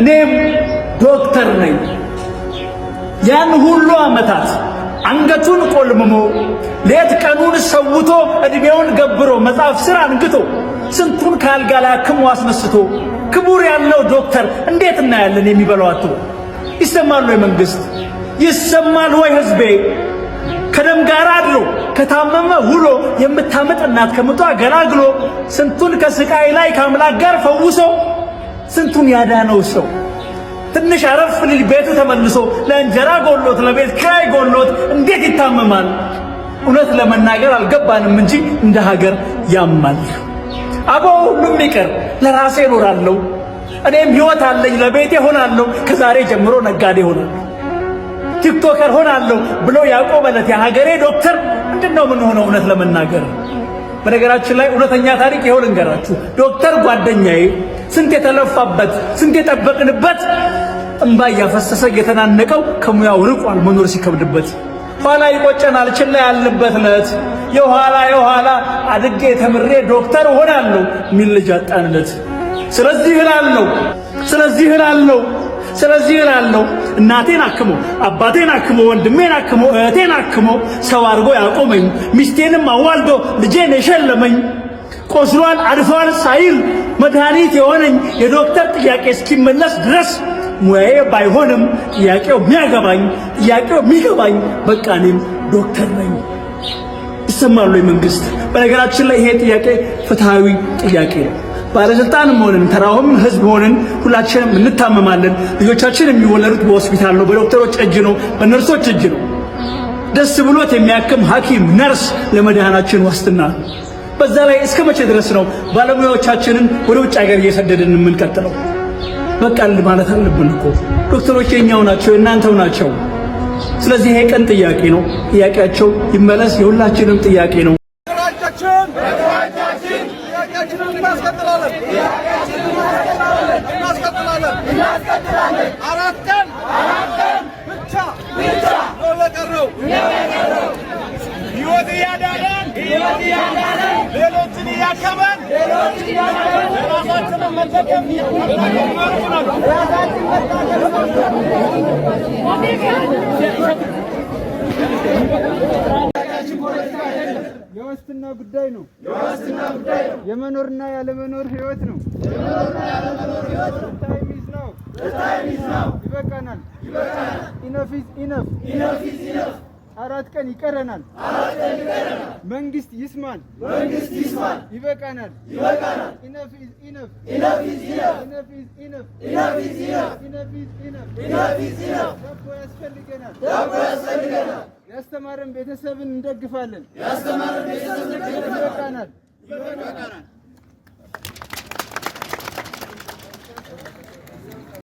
እኔም ዶክተር ነኝ። ያን ሁሉ ዓመታት አንገቱን ቆልምሞ ሌት ቀኑን ሰውቶ እድሜውን ገብሮ መጽሐፍ ስር አንግቶ ስንቱን ከአልጋ ላይ አክሞ አስነስቶ ክቡር ያለው ዶክተር እንዴት እናያለን? የሚበላው አጥቶ ይሰማል ወይ መንግስት? ይሰማል ወይ ህዝቤ ከደም ጋር አድሮ ከታመመ ውሎ የምታምጥ እናት ከምጧ አገላግሎ ስንቱን ከስቃይ ላይ ከአምላክ ጋር ፈውሶ ስንቱን ያዳነው ሰው ትንሽ አረፍ ሊል ቤቱ ተመልሶ ለእንጀራ ጎሎት ለቤት ኪራይ ጎሎት እንዴት ይታመማል? እውነት ለመናገር አልገባንም እንጂ እንደ ሀገር ያማል። አቦ ሁሉም ይቅር፣ ለራሴ እኖራለሁ፣ እኔም ህይወት አለኝ፣ ለቤቴ ሆናለሁ፣ ከዛሬ ጀምሮ ነጋዴ ሆናለሁ፣ ቲክቶከር ሆናለሁ ብሎ ያዕቆብ ለት የሀገሬ ዶክተር ምንድን ምን ሆነው? እውነት ለመናገር በነገራችን ላይ እውነተኛ ታሪክ ይኸው ልንገራችሁ። ዶክተር ጓደኛዬ ስንት የተለፋበት ስንት የጠበቅንበት እንባ እያፈሰሰ እየተናነቀው ከሙያው ርቋል። መኖር ሲከብድበት ኋላ ይቆጨናል። ችላ ያልንበት ለት የኋላ የኋላ አድጌ ተምሬ ዶክተር እሆናለሁ የሚል ልጅ አጣንለት። ስለዚህ እላለሁ ስለዚህ እላለሁ ስለዚህ እላለሁ እናቴን አክሞ አባቴን አክሞ ወንድሜን አክሞ እህቴን አክሞ ሰው አድርጎ ያቆመኝ ሚስቴንም አዋልዶ ልጄን የሸለመኝ ቆስሏል አድፏል ሳይል መድኃኒት የሆነኝ የዶክተር ጥያቄ እስኪመለስ ድረስ ሙያዬ ባይሆንም ጥያቄው የሚያገባኝ ጥያቄው የሚገባኝ በቃ እኔም ዶክተር ነኝ። ይሰማሉ መንግስት። በነገራችን ላይ ይሄ ጥያቄ ፍትሐዊ ጥያቄ ነው። ባለስልጣንም ሆንን ተራውም ህዝብ ሆንን ሁላችንም እንታመማለን። ልጆቻችን የሚወለዱት በሆስፒታል ነው፣ በዶክተሮች እጅ ነው፣ በነርሶች እጅ ነው። ደስ ብሎት የሚያክም ሐኪም ነርስ ለመድኃናችን ዋስትና ነው። በዛ ላይ እስከ መቼ ድረስ ነው ባለሙያዎቻችንን ወደ ውጭ ሀገር እየሰደድን የምንቀጥለው? በቃ ማለት አለብን እኮ ዶክተሮች የኛው ናቸው፣ የእናንተው ናቸው። ስለዚህ ይሄ ቀን ጥያቄ ነው። ጥያቄያቸው ይመለስ፣ የሁላችንም ጥያቄ ነው። አራት ቀን ሌሎችን እያከበን ራሳችንን መጠቀም የዋስትና ጉዳይ ነው። የመኖርና ያለመኖር ህይወት ነው። ይበቃናል። ኢነፍ ኢዝ ኢነፍ አራት ቀን ይቀረናል። አራት ቀን ይቀረናል። መንግስት ይስማል። መንግስት ይስማል። ይበቃናል። ይበቃናል። ኢነፍ ኢዝ ኢነፍ። ኢነፍ ኢዝ ኢነፍ። ኢነፍ ኢዝ ኢነፍ። ኢነፍ ኢዝ ኢነፍ። ኢነፍ ኢዝ ኢነፍ። ኢነፍ ኢዝ ኢነፍ። ዳቦ ያስፈልገናል። ዳቦ ያስፈልገናል። ያስተማረን ቤተሰብን እንደግፋለን። ያስተማረን ቤተሰብን እንደግፋለን። ይበቃናል